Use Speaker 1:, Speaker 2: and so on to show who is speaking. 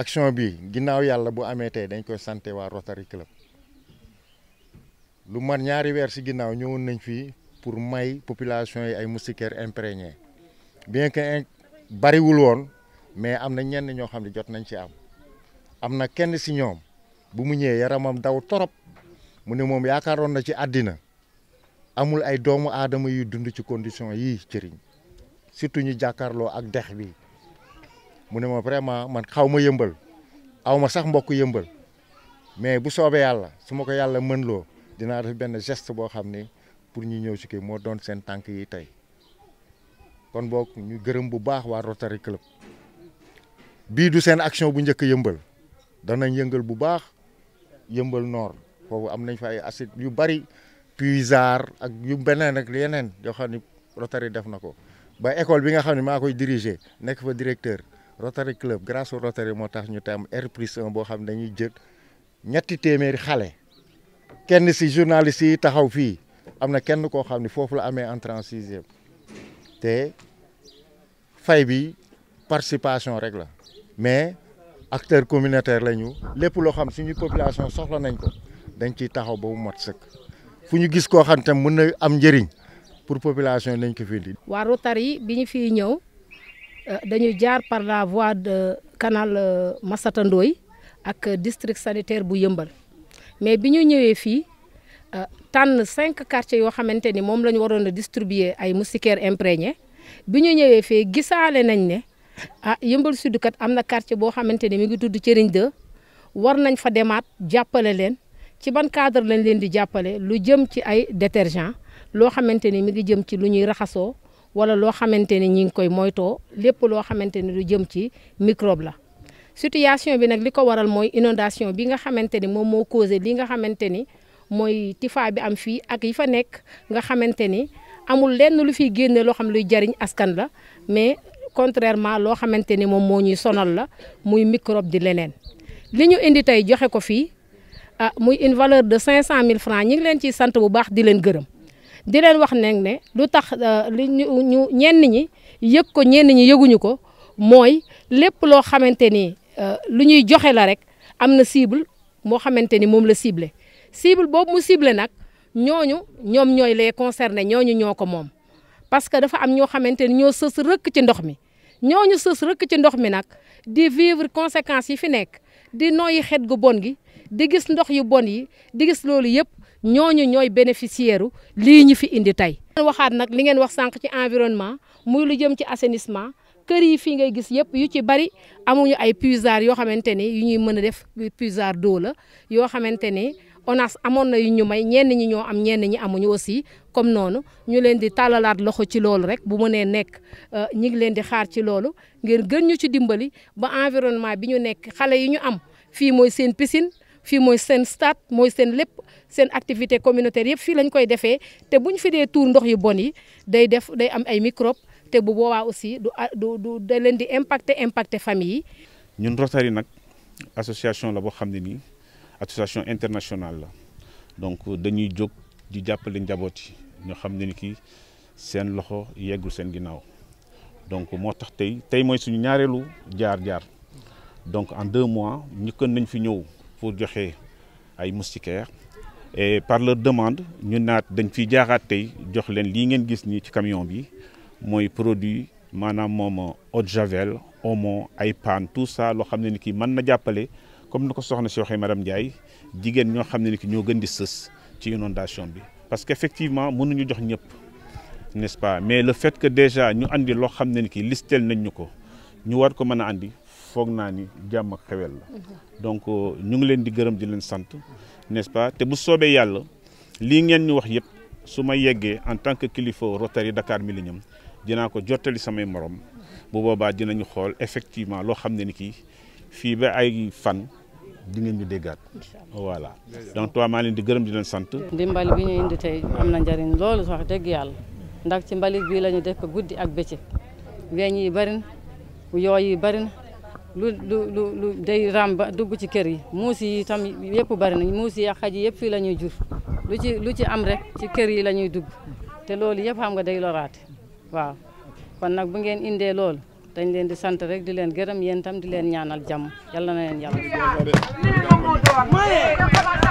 Speaker 1: action bi ginnaw yalla bu amé té dañ ko santé wa Rotary Club lu mar ñaari wër ci ginnaw ñëwoon nañ fi pour may population ay moustiquaires imprégné bien que wul won mais am na ñenn ñoo xamni jot nañ ci am amna kenn ci ñoom bu mu ñëw yaramam daw torop mu ne mom yaakaaron na ci adina amul ay doomu aadama yu dund ci condition ci cëriñ surtout ñu ak dex bi mu ne ma vraiment man xaw ma yëmbal aw ma sax mbokk yëmbal mais bu soobee yàlla su ma ko yàlla mën loo dinaa def benn geste boo xam ne pour ñu ñëw si kii moo doon seen tànk yi tey kon boog ñu gërëm bu baax waa Rotary Club bii du seen action bu njëkk yëmbal danañ yëngal bu baax yëmbal noor foofu am nañ fa ay acide yu bari puisard ak yu beneen ak yeneen yoo xam ne Rotary def na ko ba école bi nga xam ne maa koy diriger nekk fa directeur Rotary Club grâce au Rotary motax ñu tam am R plus 1 boo xam dañuy jël ñetti téeméeri xalé kenn ci journaliste yi taxaw fi amna kenn ko xamni fofu la amé entrée en e té fay bi participation rek la mais acteur communautaire lañu ñu lépp loo xam suñu population soxla nañ ko dañ ci taxaw ba mu mot sëkk fu ñu gis koo xam tam mën na am njëriñ pour population lañ ko fi indi.
Speaker 2: waa Rotary bi ñu fiy ñëw. Euh, dañuy jaar par la voie de canal euh, Massata ak district sanitaire bu yëmbal mais bi ñu ñëwee fii euh, tànn cinq quartiers yoo xamante ni moom la ñu waroon a distribuer ay moustiquaires imprégnés bi ñu ñëwee fii gisaale nañ ne ah yëmbal sud kat am na quartier boo xamante ni mi ngi tudd Cëriñ 2 war nañ fa demaat jàppale leen ci ban cadre lañ leen di jàppale lu jëm ci ay détergent loo xamante ni mi ngi jëm ci lu ñuy raxasoo. wala loo xamante ni ñi ngi koy moytoo lépp loo xamante ne lu jëm ci microbe la. situation bi nag li ko waral mooy inondation bi nga xamante ni moom moo causé li nga xamante ni mooy tifa bi am fii ak yi fa nekk nga xamante ni amul lenn lu fiy génne loo xam luy jariñ askan la mais contrairement loo xamante ni moom moo ñuy sonal la muy microbe di leneen li ñu indi tey joxe ko fii ah muy une valeur de 500000 francs ñi ngi leen ci sant bu baax di leen gërëm. di leen wax nag ne lu tax euh, li ñu ñu ñenn ñi yëg ko ñenn ñi yëguñu ko mooy lépp loo xamante ni euh, lu ñuy joxe la rek am na cible moo xamante ni moom la ciblé cible boobu mu ciblé nag ñooñu ñoom ñooy les concernés ñooñu ñoo ko moom parce que dafa am ñoo xamante ni ñoo sës rëkk ci ndox mi ñooñu sës rëkk ci ndox mi nag di vivre conséquences yi fi nekk di noyyi xet gu bon gi di gis ndox yu bon yi di gis loolu yëpp ñooñu ñooy bénéficiaire lii ñu fi indi tey. waxaat nag li ngeen wax sànq ci environnement muy lu jëm ci assainissement kër yi fii ngay gis yëpp yu ci bari amuñu ay puisards yoo xamante ni yu ñuy mën a def puisard d'eau la yoo xamante ni ONAS amoon na yu ñu may ñenn ñi ñoo am ñenn ñi amuñu aussi comme noonu ñu leen di tàllalaat loxo ci loolu rek bu mënee nekk euh, ñi ngi leen di xaar ci loolu ngir gën ñu ci dimbali ba environnement bi ñu nekk xale yi ñu am fii mooy seen piscine fii mooy seen stade mooy seen lépp seen activité communautaire yëpp fii lañ koy defee te buñ fi dee tour ndox yu bon yi day def day am ay microbe te bu boobaa aussi du ah, du du da leen di impacter impacter famille yi.
Speaker 3: ñun Rotary nag association la boo xam ne nii association internationale la donc dañuy jóg di jàppale njaboot yi ñoo xam ne ni kii seen loxo yeggul seen ginnaaw donc moo tax tey tey mooy suñu ñaareelu jaar-jaar. donc en deux mois ñu ñëkkoon nañ fi ñëw pour joxe ay moustiquaire et par leur demande ñu naat dañ fi jaaxaat tey jox leen li ngeen gis ni ci camion bi mooy produit maanaam moom eau javel omo ay paan tout ça loo xam ne ni ki mën na jàppale comme ni ko soxna si waxee madame Ndiaye jigéen ñoo xam ne ni ki ñoo gën di sës ci inondation bi parce que effectivement mënuñu jox ñëpp n'est-ce pas mais le fait que déjà ñu andi loo xam ne ni listel nañ ñu ko ñu war ko mën a andi foog naa ni jàmm ak xewel la mhm. donc euh, ñu ngi leen di gërëm di leen sant n'est-ce pas te bu sobé yalla li ngeen ñu wax yépp suma ma en tant que kilifa Rotary Dakar Millennium dina ko jotali samay morom bu boobaa dinañu xol effectivement lo xamné ni ki fi ba ay fan di ngeen ñu déggaat voilà donc toi ma leen di gërëm di leen sant ndimbal bi ñu
Speaker 2: indi tay am na loolu wax dëgg yalla ndax ci mbalit bi lañu def ko guddi ak bëccëg weñ yi bari yoy yi bari lu lu lu lu day ràmba dugg ci kër yi muus yi itam yëpp bari nañ muus yi ak xaj yi yëpp fii la ñuy jur lu ci lu ci am rek ci kër yi la dugg te loolu yëpp am nga day loraate waaw kon nag bu ngeen indee loolu dañ leen di sant rek di leen gërëm yéen itam di leen ñaanal jàmm yàlla na leen yàlla